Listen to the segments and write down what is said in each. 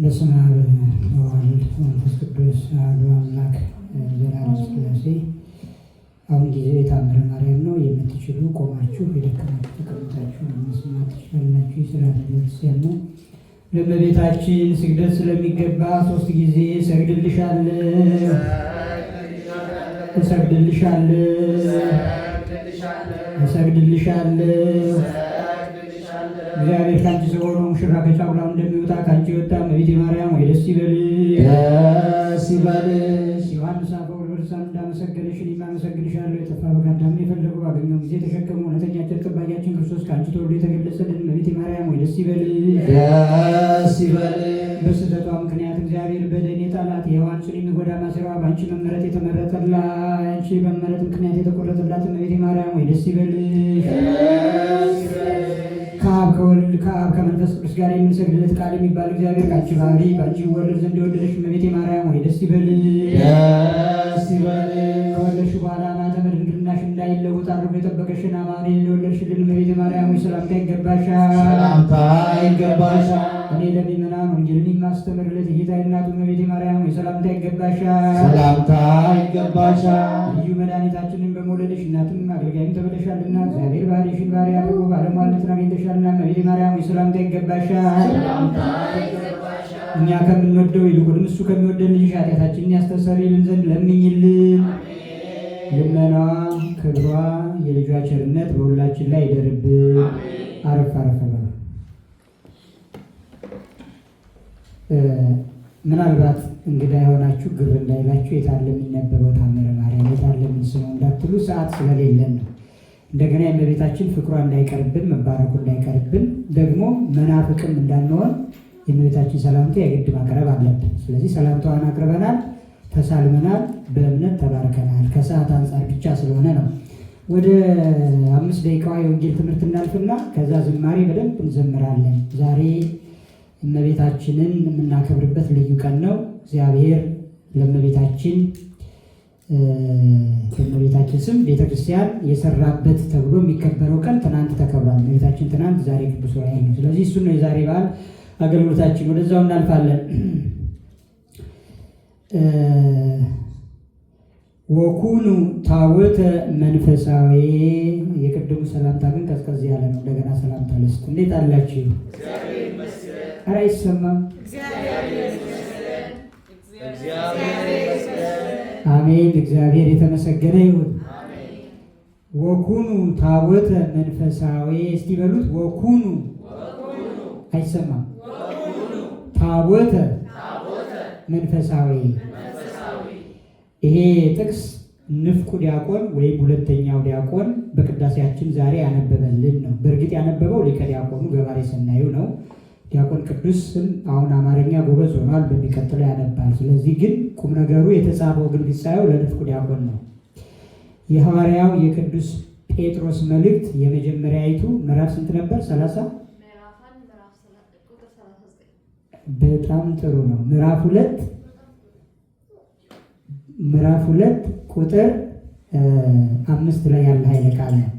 በስመ አብ ወወልድ ወመንፈስ ቅዱስ አሐዱ አምላክ ዘላለም ሥላሴ። አሁን ጊዜ የታምረ ማርያም ነው። የምትችሉ ቆማችሁ የደከማችሁ ተቀምጣችሁ መስማት ትችላላችሁ። የሥርዓተ ቤተክርስቲያን ነው። ለእመቤታችን ስግደት ስለሚገባ ሶስት ጊዜ እሰግድልሻለሁ፣ እሰግድልሻለሁ፣ እሰግድልሻለሁ እግዚአብሔር ከአንቺ ሰው ሙሽራ ከጫጉላው እንደሚወጣ ከአንቺ ወጣ። እመቤቴ ማርያም ወይ ደስ ይበልሽ፣ ደስ ይበልሽ። ዮሐንስ አፈወርቅ በልሳን እንዳመሰገነሽ እኔም አመሰግንሻለሁ። የጠፋ በግ አዳምን ባገኘው ጊዜ ተሸከመው። እውነተኛ ጠባቂያችን ክርስቶስ ከአንቺ ተወልዶ የተገለጸልን እመቤቴ ማርያም ወይ ደስ ይበልሽ፣ ደስ ይበልሽ። በስህተቷ ምክንያት እግዚአብሔር በደኔ ጣላት። የሔዋንን የሚጎዳ ማሰሪያዋ በአንቺ መመረጥ የተመረጠላት በመመረጥ ምክንያት የተቆረጠላት እመቤቴ ማርያም ወይ ደስ ይበልሽ ከአብ ከመንፈስ ቅዱስ ጋር የምንሰግድለት ቃል የሚባል እግዚአብሔር ካንቺ ባህሪ ባንቺ ይወለድ ዘንድ የወደደሽ እመቤቴ ማርያም ወይ ደስ ይበል ደስ ይበል። ከወለድሽ በኋላ ማኅተመ ድንግልናሽ እንዳይለወጥ አድርጎ የጠበቀሽን አማኑኤልን የወለድሽልን እመቤቴ ማርያም ወይ ሰላምታ ይገባሻል፣ ሰላምታ ይገባሻል። እኔ ለምእመናን ወንጌልን የማስተምርለት የጌታ እናቱ እመቤቴ ማርያም ወይ ሰላምታ ይገባሻል፣ ሰላምታ ይገባሻል። ልዩ መድኃኒታችንን በመውለደሽ እናትም አገልጋይም ተብለሻልና እግዚአብሔር ባህሪሽን ባህሪ አድርጎ ሞልት ነው የተሸለመ ማርያም ሰላምታ ይገባሻል። እኛ ከምንወደው ይልቁንም እሱ ከሚወደን ልጅሽ ኃጢአታችንን ያስተሰርይልን ዘንድ ለምኝልን። ልመናዋ ክብሯ፣ የልጇ ቸርነት በሁላችን ላይ ይደርብ። አረፍ አረፍ በሉ። ምናልባት እንግዳ የሆናችሁ ግብር እንዳይላችሁ የታለምን ነበበው ታምረ ማርያም የታለምን ስነው እንዳትሉ ሰዓት ስለሌለን ነው። እንደገና የእመቤታችን ፍቅሯ እንዳይቀርብን መባረኩ እንዳይቀርብን ደግሞ መናፍቅም እንዳንሆን የእመቤታችን ሰላምታ የግድ ማቅረብ አለብን። ስለዚህ ሰላምታዋን አቅርበናል፣ ተሳልመናል፣ በእምነት ተባርከናል። ከሰዓት አንጻር ብቻ ስለሆነ ነው። ወደ አምስት ደቂቃዋ የወንጌል ትምህርት እናልፍና ከዛ ዝማሬ በደንብ እንዘምራለን። ዛሬ እመቤታችንን የምናከብርበት ልዩ ቀን ነው። እግዚአብሔር ለእመቤታችን ከእመቤታችን ስም ቤተክርስቲያን የሰራበት ተብሎ የሚከበረው ቀን ትናንት ተከብሯል። እመቤታችን ትናንት፣ ዛሬ ቅዱስ ራይ ነው። ስለዚህ እሱ ነው የዛሬ በዓል አገልግሎታችን። ወደዛው እናልፋለን። ወኩኑ ታወተ መንፈሳዊ የቅድሙ ሰላምታ ግን ቀዝቀዝ ያለ ነው። እንደገና ሰላምታ ልስጥ። እንዴት አላችሁ? ኧረ አይሰማም። አሜን። እግዚአብሔር የተመሰገነ ይሁን። ወኩኑ ታቦተ መንፈሳዊ እስቲ በሉት። ወኩኑ አይሰማም። ታቦተ መንፈሳዊ ይሄ ጥቅስ ንፍቁ ዲያቆን ወይም ሁለተኛው ዲያቆን በቅዳሴያችን ዛሬ ያነበበልን ነው። በእርግጥ ያነበበው ሊቀ ዲያቆኑ ገባሬ ሰናዩ ነው። ዲያቆን ቅዱስም አሁን አማርኛ ጎበዝ ሆኗል፣ በሚቀጥለው ያነባል። ስለዚህ ግን ቁም ነገሩ የተጻፈው ግን ቢሳየው ለንጥቁ ዲያቆን ነው። የሐዋርያው የቅዱስ ጴጥሮስ መልእክት ይቱ ምዕራፍ ስንት ነበር? ሰላሳ በጣም ጥሩ ነው። ምዕራፍ ሁለት ምዕራፍ ሁለት ቁጥር አምስት ላይ ያለ ኃይለ ቃል ነው።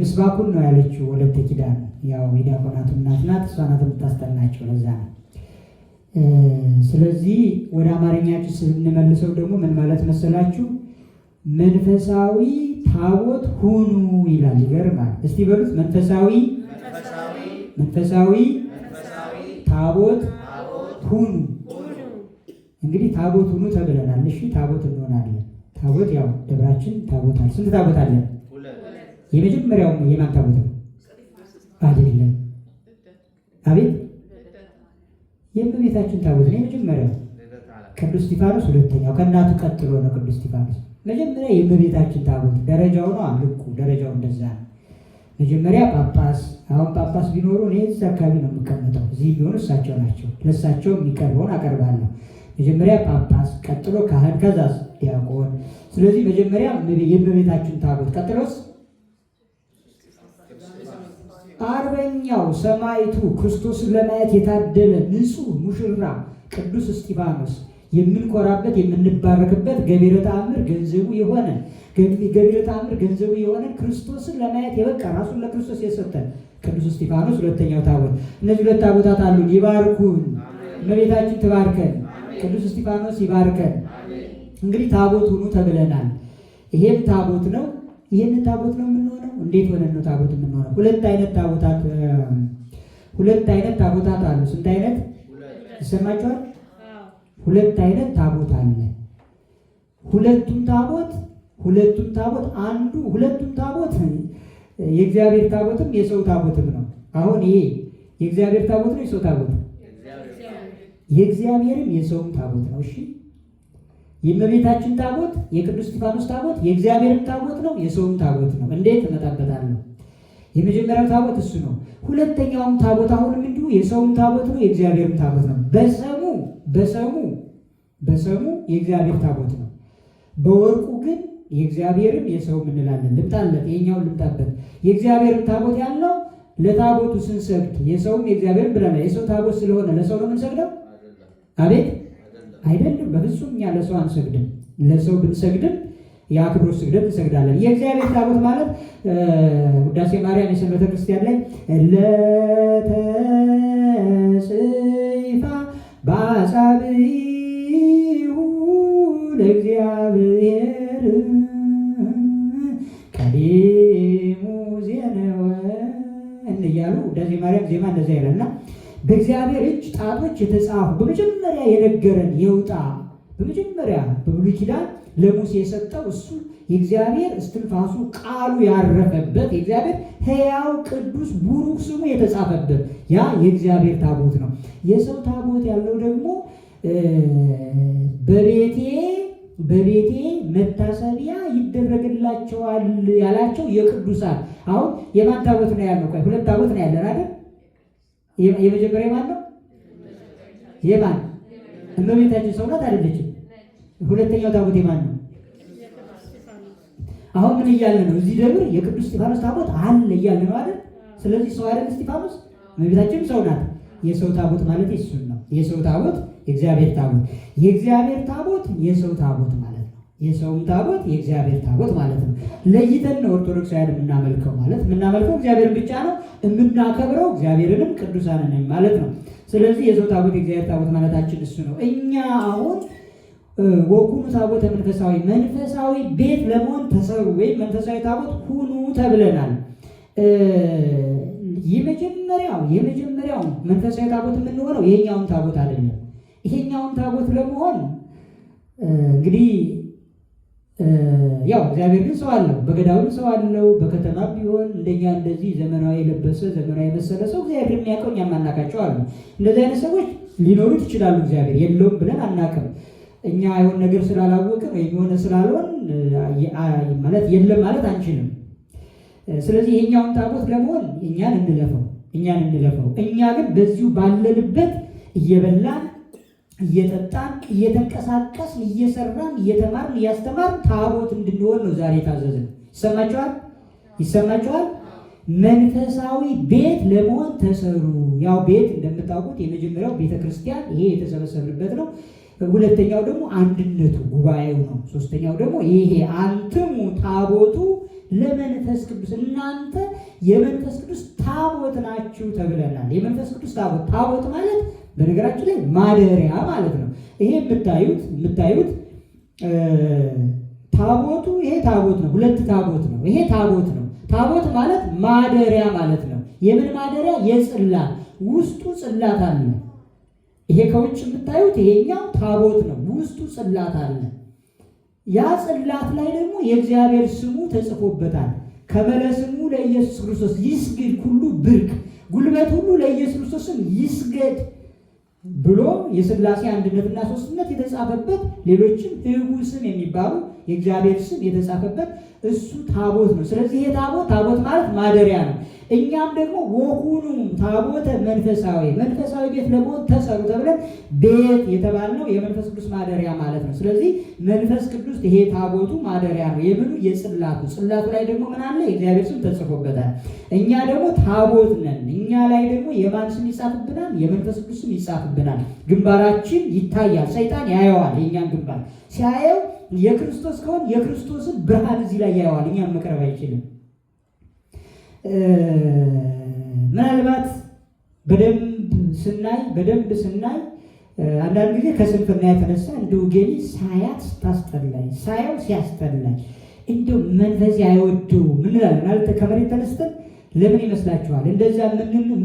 ምስባኩን ነው ያለችው ወለተ ኪዳን ያው የዲያቆናቱ እናት ናት፣ እሷ ናት የምታስጠናቸው። ለዛ ነው። ስለዚህ ወደ አማርኛችሁ ስንመልሰው ደግሞ ምን ማለት መሰላችሁ? መንፈሳዊ ታቦት ሁኑ ይላል። ይገርማል። እስቲ በሉት መንፈሳዊ መንፈሳዊ ታቦት ሁኑ። እንግዲህ ታቦት ሁኑ ተብለናል። እሺ ታቦት እንሆናለን። ታቦት ያው ደብራችን ታቦታል። ስንት ታቦት አለን? የመጀመሪያው የማን ታቦት ነው? አይደለም። አቤት የእመቤታችን ታቦት ነው የመጀመሪያው። ቅዱስ እስጢፋኖስ ሁለተኛው ከእናቱ ቀጥሎ ነው ቅዱስ እስጢፋኖስ። መጀመሪያ የእመቤታችን ታቦት ደረጃው ነው። አምልኩ ደረጃው እንደዛ ነው። መጀመሪያ ጳጳስ አሁን ጳጳስ ቢኖሩ እኔ እዚህ አካባቢ ነው የምቀመጠው። እዚህ ቢሆኑ እሳቸው ናቸው። ለእሳቸው የሚቀርበውን አቀርባለሁ። መጀመሪያ ጳጳስ፣ ቀጥሎ ካህን፣ ከዛ ዲያቆን። ስለዚህ መጀመሪያ የእመቤታችን ታቦት ቀጥሎስ አርበኛው ሰማይቱ ክርስቶስን ለማየት የታደለ ንጹሕ ሙሽራ ቅዱስ እስጢፋኖስ የምንኮራበት የምንባረክበት ገቢረ ተአምር ገንዘቡ የሆነ ገቢረ ተአምር ገንዘቡ የሆነ ክርስቶስን ለማየት የበቃ ራሱን ለክርስቶስ የሰጠን ቅዱስ እስጢፋኖስ ሁለተኛው ታቦት። እነዚህ ሁለት ታቦታት አሉን። ይባርኩን፣ እመቤታችን ትባርከን፣ ቅዱስ እስጢፋኖስ ይባርከን። እንግዲህ ታቦት ሁኑ ተብለናል። ይሄም ታቦት ነው። ይሄንን ታቦት ነው የምንሆነ እንዴት ሆነን ነው ታቦት የምንሆነው? ሁለት አይነት ታቦታት ሁለት አይነት ታቦታት አሉ። ስንት አይነት ይሰማችኋል? ሁለት አይነት ታቦት አለ። ሁለቱም ታቦት ሁለቱም ታቦት አንዱ ሁለቱም ታቦት የእግዚአብሔር ታቦትም የሰው ታቦትም ነው። አሁን ይሄ የእግዚአብሔር ታቦት ነው የሰው ታቦት የእግዚአብሔርም የሰውም ታቦት ነው። እሺ የእመቤታችን ታቦት የቅዱስ እስጢፋኖስ ታቦት የእግዚአብሔርም ታቦት ነው፣ የሰውም ታቦት ነው። እንዴት እመጣበታለሁ? የመጀመሪያው ታቦት እሱ ነው። ሁለተኛውም ታቦት አሁንም እንዲሁ የሰውም ታቦት ነው፣ የእግዚአብሔርም ታቦት ነው። በሰሙ በሰሙ በሰሙ የእግዚአብሔር ታቦት ነው። በወርቁ ግን የእግዚአብሔርም የሰውም እንላለን። ልምጣለት፣ ይሄኛውን ልምጣበት። የእግዚአብሔርም ታቦት ያለው ለታቦቱ ስንሰግድ፣ የሰውም የእግዚአብሔርም ብለናል። የሰው ታቦት ስለሆነ ለሰው ነው የምንሰግደው። አቤት አይደለም፣ በፍጹም እኛ ለሰው አንሰግድም። ለሰው ብንሰግድም የአክብሮት ስግደት እንሰግዳለን። የእግዚአብሔር ታቦት ማለት ውዳሴ ማርያም የሰንበተ ክርስቲያን ላይ ለተጽፋ በአጻብዒሁ ለእግዚአብሔር ቀዲሙ ዜነወ እያሉ ውዳሴ ማርያም ዜማ እንደዛ ይላልና በእግዚአብሔር እጅ ጣቶች የተጻፉ በመጀመሪያ የነገረን የውጣ በመጀመሪያ በብሉይ ኪዳን ለሙሴ የሰጠው እሱ የእግዚአብሔር እስትንፋሱ ቃሉ ያረፈበት የእግዚአብሔር ሕያው ቅዱስ ቡሩክ ስሙ የተጻፈበት ያ የእግዚአብሔር ታቦት ነው። የሰው ታቦት ያለው ደግሞ በቤቴ በቤቴ መታሰቢያ ይደረግላቸዋል ያላቸው የቅዱሳን አሁን የማን ታቦት ነው ያለው? ሁለት ታቦት ነው ያለን አይደል? የመጀመሪያ ማን ነው? የማን እመቤታችን ሰው ናት አይደለችም? ሁለተኛው ታቦት የማን ነው? አሁን ምን እያለ ነው? እዚህ ደብር የቅዱስ እስጢፋኖስ ታቦት አለ እያለ ነው አይደል? ስለዚህ ሰው አይደል እስጢፋኖስ፣ እመቤታችን ሰው ናት። የሰው ታቦት ማለት እሱ ነው። የሰው ታቦት የእግዚአብሔር ታቦት፣ የእግዚአብሔር ታቦት የሰው ታቦት ማለት የሰውም ታቦት የእግዚአብሔር ታቦት ማለት ነው። ለይተን ነው ኦርቶዶክሳውያን የምናመልከው ማለት የምናመልከው እግዚአብሔርን ብቻ ነው የምናከብረው እግዚአብሔርንም ቅዱሳንን ማለት ነው። ስለዚህ የሰው ታቦት የእግዚአብሔር ታቦት ማለታችን እሱ ነው። እኛ አሁን ወኩኑ ታቦተ መንፈሳዊ መንፈሳዊ ቤት ለመሆን ተሰሩ ወይም መንፈሳዊ ታቦት ሁኑ ተብለናል። የመጀመሪያው የመጀመሪያው መንፈሳዊ ታቦት የምንሆነው ይሄኛውን ታቦት አይደለም። ይሄኛውን ታቦት ለመሆን እንግዲህ ያው እግዚአብሔር ግን ሰው አለው፣ በገዳውም ሰው አለው። በከተማ ቢሆን እንደኛ እንደዚህ ዘመናዊ የለበሰ ዘመናዊ የመሰለ ሰው እግዚአብሔር የሚያውቀው እኛ የማናውቃቸው አሉ። እንደዚህ አይነት ሰዎች ሊኖሩት ይችላሉ። እግዚአብሔር የለውም ብለን አናቅም እኛ የሆን ነገር ስላላወቅም ወይም የሆነ ስላልሆን ማለት የለም ማለት አንችልም። ስለዚህ የእኛውን ታቦት ለመሆን እኛን እንለፈው፣ እኛን እንለፈው። እኛ ግን በዚሁ ባለንበት እየበላን እየጠጣን እየተንቀሳቀስን እየሰራን እየተማርን እያስተማርን ታቦት እንድንሆን ነው ዛሬ የታዘዝን። ይሰማችኋል? ይሰማችኋል? መንፈሳዊ ቤት ለመሆን ተሰሩ። ያው ቤት እንደምታውቁት የመጀመሪያው ቤተ ክርስቲያን ይሄ የተሰበሰብንበት ነው። ሁለተኛው ደግሞ አንድነቱ ጉባኤው ነው። ሶስተኛው ደግሞ ይሄ አንትሙ ታቦቱ ለመንፈስ ቅዱስ እናንተ የመንፈስ ቅዱስ ታቦት ናችሁ ተብለናል። የመንፈስ ቅዱስ ታቦት ታቦት ማለት በነገራችን ላይ ማደሪያ ማለት ነው። ይሄ የምታዩት የምታዩት ታቦቱ ይሄ ታቦት ነው። ሁለት ታቦት ነው። ይሄ ታቦት ነው። ታቦት ማለት ማደሪያ ማለት ነው። የምን ማደሪያ? የጽላት ውስጡ ጽላት አለ። ይሄ ከውጭ የምታዩት ይሄኛው ታቦት ነው። ውስጡ ጽላት አለ። ያ ጽላት ላይ ደግሞ የእግዚአብሔር ስሙ ተጽፎበታል። ከበለስሙ ለኢየሱስ ክርስቶስ ይስግድ ሁሉ ብርቅ ጉልበት ሁሉ ለኢየሱስ ክርስቶስም ይስገድ ብሎ የስላሴ አንድነትና ሶስትነት የተጻፈበት ሌሎችም ህጉ ስም የሚባሉ የእግዚአብሔር ስም የተጻፈበት እሱ ታቦት ነው። ስለዚህ ይሄ ታቦት ታቦት ማለት ማደሪያ ነው። እኛም ደግሞ ወሁኑ ታቦተ መንፈሳዊ መንፈሳዊ ቤት ለመሆን ተሰሩ ተብለን ቤት የተባልነው የመንፈስ ቅዱስ ማደሪያ ማለት ነው። ስለዚህ መንፈስ ቅዱስ ይሄ ታቦቱ ማደሪያ ነው። የምኑ የጽላቱ ጽላቱ ላይ ደግሞ ምን አለ? የእግዚአብሔር ስም ተጽፎበታል። እኛ ደግሞ ታቦት ነን። እኛ ላይ ደግሞ የማን ስም ይጻፍብናል? የመንፈስ ቅዱስ ስም ይጻፍብናል። ግንባራችን ይታያል። ሰይጣን ያየዋል። የእኛን ግንባር ሲያየው የክርስቶስ ከሆን የክርስቶስን ብርሃን እዚህ ላይ ያየዋል። እኛም መቅረብ አይችልም። ምናልባት በደንብ ስናይ በደንብ ስናይ አንዳንድ ጊዜ ከስንፍና የተነሳ እንደው ጌሊ ሳያት ስታስጠላኝ ሳያው ሲያስጠላኝ እንደው መንፈሴ አይወደው ምንላል ማለት ከመሬት ተነስተን ለምን ይመስላችኋል? እንደዛ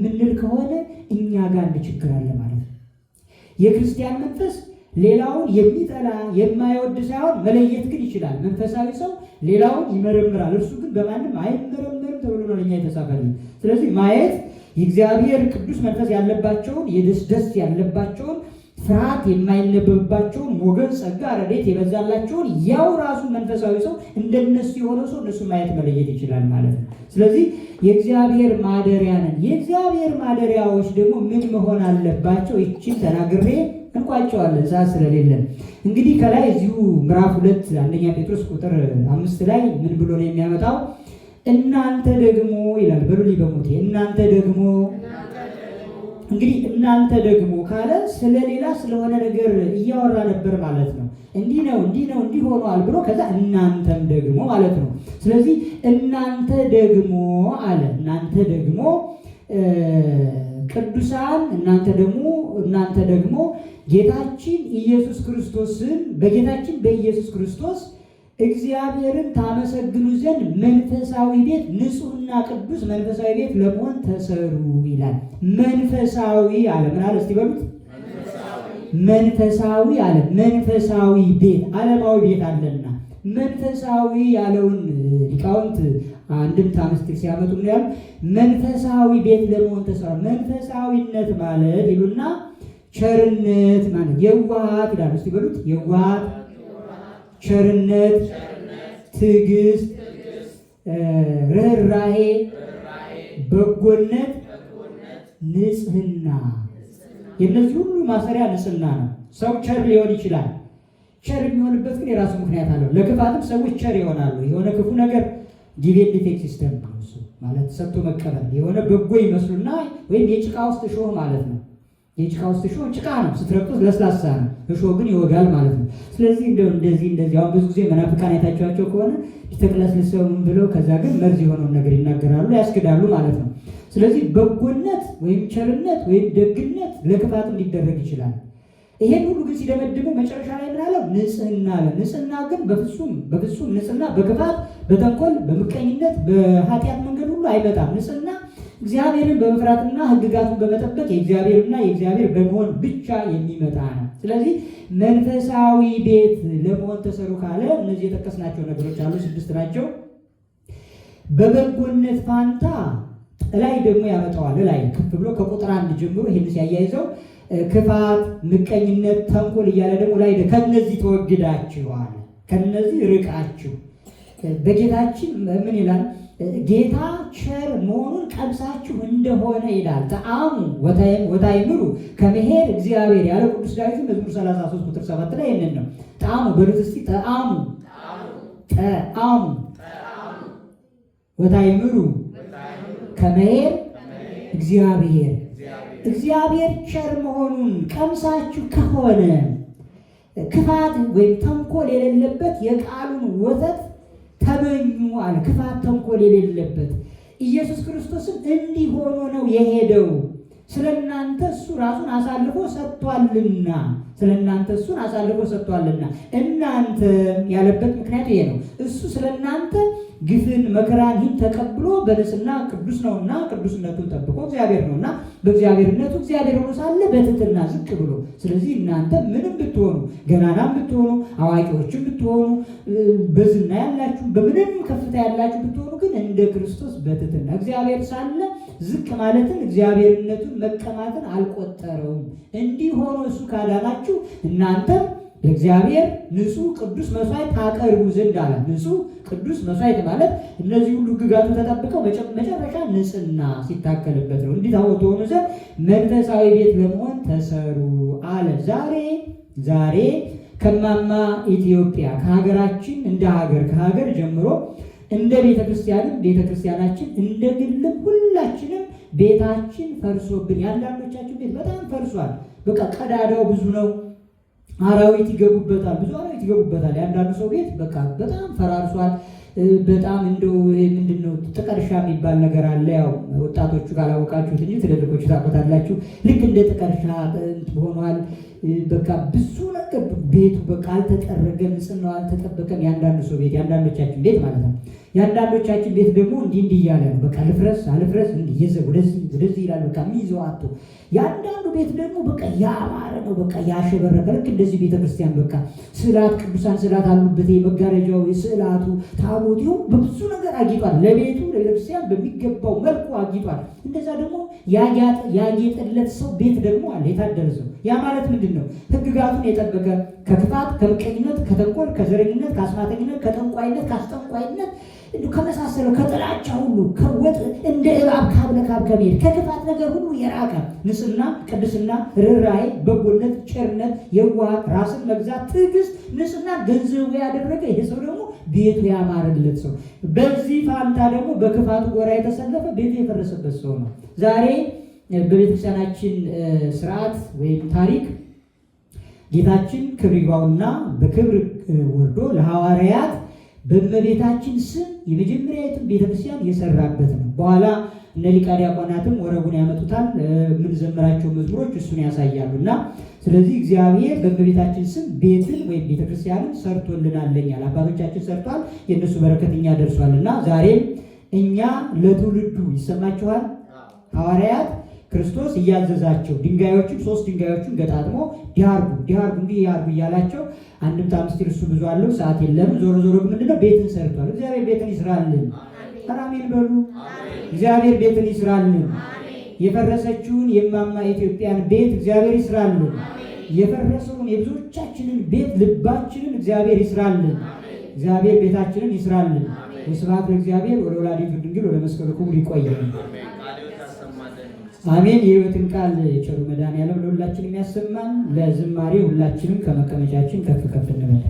ምንል ከሆነ እኛ ጋር አንድ ችግር አለ ማለት ነው። የክርስቲያን መንፈስ ሌላውን የሚጠላ የማይወድ ሳይሆን መለየት ግን ይችላል። መንፈሳዊ ሰው ሌላውን ይመረምራል፣ እርሱ ግን በማንም አይመረምርም። ለእኛ የተጻፈልን። ስለዚህ ማየት የእግዚአብሔር ቅዱስ መንፈስ ያለባቸውን የደስደስ ያለባቸውን ፍርሃት የማይነበብባቸውን ሞገድ፣ ጸጋ፣ ረዴት የበዛላቸውን ያው ራሱ መንፈሳዊ ሰው እንደነሱ የሆነ ሰው እነሱ ማየት መለየት ይችላል ማለት ነው። ስለዚህ የእግዚአብሔር ማደሪያ ነን። የእግዚአብሔር ማደሪያዎች ደግሞ ምን መሆን አለባቸው? ይችን ተናግሬ እንቋቸዋለን ሰዓት ስለሌለን። እንግዲህ ከላይ እዚሁ ምዕራፍ ሁለት አንደኛ ጴጥሮስ ቁጥር አምስት ላይ ምን ብሎ ነው የሚያመጣው? እናንተ ደግሞ ይላል በሉሊ በሞቴ እናንተ ደግሞ እንግዲህ እናንተ ደግሞ ካለ ስለሌላ ስለሆነ ነገር እያወራ ነበር ማለት ነው። እንዲህ ነው እንዲህ ነው እንዲህ ሆኗል ብሎ ከዛ እናንተም ደግሞ ማለት ነው። ስለዚህ እናንተ ደግሞ አለ እናንተ ደግሞ ቅዱሳን እናንተ ደግሞ እናንተ ደግሞ ጌታችን ኢየሱስ ክርስቶስን በጌታችን በኢየሱስ ክርስቶስ እግዚአብሔርን ታመሰግኑ ዘንድ መንፈሳዊ ቤት ንጹህና ቅዱስ መንፈሳዊ ቤት ለመሆን ተሰሩ ይላል። መንፈሳዊ አለ። ምን አለ? እስቲ በሉት። መንፈሳዊ አለ። መንፈሳዊ ቤት ዓለማዊ ቤት አለና መንፈሳዊ ያለውን ሊቃውንት አንድም ታምስት ሲያመጡ ምን ያሉ መንፈሳዊ ቤት ለመሆን ተሰራ። መንፈሳዊነት ማለት ይሉና ቸርነት ማለት የዋሃት ይላሉ። እስቲ በሉት የዋሃት ቸርነት፣ ትዕግስት፣ ርኅራሄ፣ በጎነት፣ ንጽህና የእነዚህ ሁሉ ማሰሪያ ንጽህና ነው። ሰው ቸር ሊሆን ይችላል። ቸር የሚሆንበት ግን የራሱ ምክንያት አለው። ለክፋትም ሰዎች ቸር ይሆናሉ። የሆነ ክፉ ነገር ጊቭ ሲስተም ነው ማለት ሰጥቶ መቀበል የሆነ በጎ ይመስሉና ወይም የጭቃ ውስጥ እሾህ ማለት ነው የጭቃ ውስጥ እሾህ ጭቃ ነው፣ ስትረግጡት ለስላሳ ነው። እሾህ ግን ይወጋል ማለት ነው። ስለዚህ እንደው እንደዚህ እንደዚህ አሁን ብዙ ጊዜ መናፍቃን አይታችኋቸው ከሆነ ይተቅለስልሰውም ብለው ከዛ ግን መርዝ የሆነውን ነገር ይናገራሉ፣ ያስክዳሉ ማለት ነው። ስለዚህ በጎነት ወይም ቸርነት ወይም ደግነት ለክፋትም ሊደረግ ይችላል። ይሄን ሁሉ ግን ሲደመድሙ መጨረሻ ላይ ምናለው ንጽህና አለ። ንጽህና ግን በፍጹም በፍጹም ንጽህና በክፋት በተንኮል በምቀኝነት በኃጢአት መንገድ ሁሉ አይመጣም። ንጽህና እግዚአብሔርን በመፍራትና ሕግጋቱን በመጠበቅ የእግዚአብሔርና የእግዚአብሔር በመሆን ብቻ የሚመጣ ነው። ስለዚህ መንፈሳዊ ቤት ለመሆን ተሰሩ ካለ እነዚህ የጠቀስናቸው ነገሮች አሉ፣ ስድስት ናቸው። በበጎነት ፋንታ ላይ ደግሞ ያመጣዋል። ላይ ከፍ ብሎ ከቁጥር አንድ ጀምሮ ይህን ሲያያይዘው ክፋት፣ ምቀኝነት፣ ተንኮል እያለ ደግሞ ላይ ከነዚህ ተወግዳችኋል፣ ከነዚህ ርቃችሁ በጌታችን ምን ይላል? ጌታ ቸር መሆኑን ቀምሳችሁ እንደሆነ ይላል። ጣዕሙ ወታይምሩ ከመሄድ እግዚአብሔር ያለ ቅዱስ ዳዊት መዝሙር 33 ቁጥር 7 ላይ ይህንን ነው። ጣዕሙ በሉት እስቲ ጣዕሙ ጣዕሙ ወታይምሩ ከመሄድ እግዚአብሔር እግዚአብሔር ቸር መሆኑን ቀምሳችሁ ከሆነ ክፋት ወይም ተንኮል የሌለበት የቃሉን ወተት ተመኙ አለ። ክፋት፣ ተንኮል የሌለበት ኢየሱስ ክርስቶስም እንዲህ ሆኖ ነው የሄደው። ስለ እናንተ እሱ ራሱን አሳልፎ ሰጥቷልና ስለ እናንተ እሱን አሳልፎ ሰጥቷልና እናንተ ያለበት ምክንያት ይሄ ነው። እሱ ስለ እናንተ ግፍን መከራን ይህን ተቀብሎ በልስና ቅዱስ ነውና ቅዱስነቱን ጠብቆ እግዚአብሔር ነውና በእግዚአብሔርነቱ እግዚአብሔር ሆኖ ሳለ በትትና ዝቅ ብሎ። ስለዚህ እናንተ ምንም ብትሆኑ ገናናም ብትሆኑ አዋቂዎችም ብትሆኑ በዝና ያላችሁ በምንም ከፍታ ያላችሁ ብትሆኑ ግን እንደ ክርስቶስ በትትና እግዚአብሔር ሳለ ዝቅ ማለትን እግዚአብሔርነቱን መቀማትን አልቆጠረውም። እንዲህ ሆኖ እሱ ካዳናችሁ እናንተም ለእግዚአብሔር ንጹህ ቅዱስ መስዋዕት ታቀርቡ ዘንድ አለ። ንጹሕ ቅዱስ መስዋዕት ማለት እነዚህ ሁሉ ግጋቱ ተጠብቀው መጨረሻ ንጽና ሲታከልበት ነው። እንዲህ ታወት ሆኑ ዘንድ መንፈሳዊ ቤት ለመሆን ተሰሩ አለ። ዛሬ ዛሬ ከማማ ኢትዮጵያ ከሀገራችን እንደ ሀገር ከሀገር ጀምሮ እንደ ቤተ ክርስቲያንም ቤተ ክርስቲያናችን እንደ ግልም ሁላችንም ቤታችን ፈርሶብን፣ የአንዳንዶቻችን ቤት በጣም ፈርሷል። በቃ ቀዳዳው ብዙ ነው። አራዊት ይገቡበታል፣ ብዙ አራዊት ይገቡበታል። የአንዳንዱ ሰው ቤት በቃ በጣም ፈራርሷል። በጣም እንደው ምንድን ነው ጥቀርሻ የሚባል ነገር አለ። ያው ወጣቶቹ ካላወቃችሁት እንጂ ትልልቆቹ ታቆታላችሁ። ልክ እንደ ጥቀርሻ ሆኗል። በቃ ብዙ ነገር ቤቱ በቃ አልተጠረገም፣ ንጽህናው አልተጠበቀም። የአንዳንዱ ሰው ቤት የአንዳንዶቻችን ቤት ማለት ነው የአንዳንዶቻችን ቤት ደግሞ እንዲህ እንዲህ እያለ ነው። በቃ ልፍረስ አልፍረስ እንዲህ ወደዚህ ወደዚህ ይላል። በቃ የሚይዘው አቶ የአንዳንዱ ቤት ደግሞ በቃ ያማረ ነው። በቃ ያሸበረቀ ልክ እንደዚህ ቤተክርስቲያን በቃ ስዕላት፣ ቅዱሳን ስዕላት አሉበት። የመጋረጃው የስዕላቱ ታቦት በብዙ ነገር አጊጧል። ለቤቱ ለቤተክርስቲያን በሚገባው መልኩ አጊጧል። እንደዛ ደግሞ ያጌጠለት ሰው ቤት ደግሞ አለ፣ የታደለ ሰው። ያ ማለት ምንድን ነው? ህግጋቱን የጠበቀ ከክፋት ከምቀኝነት ከተንኮል ከዘረኝነት ከአስማተኝነት ከጠንቋይነት ከአስጠንቋይነት ከመሳሰለው ከጥላቻ ሁሉ ከወጥ እንደ እባብ ካብ ለካብ ከመሄድ ከክፋት ነገር ሁሉ የራቀ ንጽሕና፣ ቅድስና፣ ርራይ፣ በጎነት፣ ቸርነት፣ የዋ ራስን መግዛት፣ ትዕግስት፣ ንጽሕና ገንዘቡ ያደረገ ይሄ ሰው ደግሞ ቤቱ ያማረለት ሰው፣ በዚህ ፋንታ ደግሞ በክፋቱ ጎራ የተሰለፈ ቤቱ የፈረሰበት ሰው ነው። ዛሬ በቤተክርስቲያናችን ስርዓት ወይም ታሪክ ጌታችን ክብር ይግባውና በክብር ወርዶ ለሐዋርያት በእመቤታችን ስም የመጀመሪያዊቱን ቤተክርስቲያን የሰራበት ነው። በኋላ እነ ሊቃ ዲያቆናትም ወረቡን ያመጡታል። የምንዘምራቸው መዝሙሮች እሱን ያሳያሉ። እና ስለዚህ እግዚአብሔር በእመቤታችን ስም ቤትን ወይም ቤተክርስቲያንን ሰርቶልናለኛል። አባቶቻችን ሰርቷል፣ የእነሱ እኛ ደርሷል። እና ዛሬም እኛ ለትውልዱ ይሰማችኋል ሐዋርያት ክርስቶስ እያዘዛቸው ድንጋዮችን ሶስት ድንጋዮቹን ገጣጥሞ ዲያርጉ ዲያርጉ እንዲህ ያርጉ እያላቸው አንድም ታምስት እርሱ ብዙ አለው ሰዓት የለም። ዞሮ ዞሮ ምንድነው ቤትን ሰርቷል። እግዚአብሔር ቤትን ይስራልን። አሜን በሉ። እግዚአብሔር ቤትን ይስራልን። የፈረሰችውን የማማ ኢትዮጵያን ቤት እግዚአብሔር ይስራልን። የፈረሰውን የብዙዎቻችንን ቤት ልባችንን እግዚአብሔር ይስራልን። እግዚአብሔር ቤታችንን ይስራልን። የስብሐት ለእግዚአብሔር ወለወላዲቱ ድንግል ወለመስቀሉ ክቡር ይቆያል። አሜን። የህይወትን ቃል መዳን ያለው ለሁላችን የሚያሰማን ለዝማሬ ሁላችንም ከመቀመጫችን ከፍ ከፍ እንበል።